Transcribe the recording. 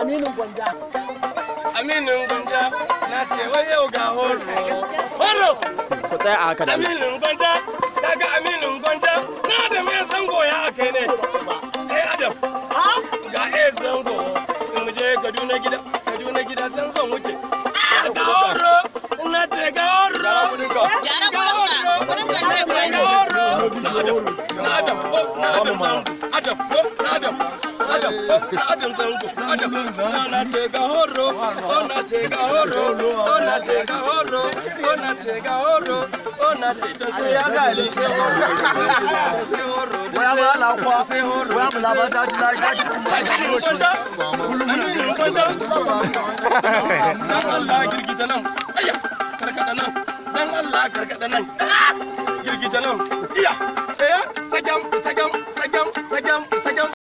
Aminin Gwanja. Aminin Gwanja na ce wai yau ga horo. Horo! Ku tsaya a haka da Aminin Gwanja, daga Aminin Gwanja na da me zango ya kai ne. Eh Adam. Ga eh zango. In mu je Kaduna gida, Kaduna gida can zan wuce. Ah, ga horo! Na ce ga horo! Ga horo! Na Adam, na Adam, oh, na Adam zango. adam adam adam zango adam ona chega horo ona chega horo ona chega horo ona chega horo ona chega se adali se horo se horo bóyá mo la kọ bóyá mo la bá dájú láì dájú tó sọ yìí ló ṣe kulumuni ni kọjá dan Allah girgita nan aya karkada nan dan Allah karkada nan girgita nan iya eh sakam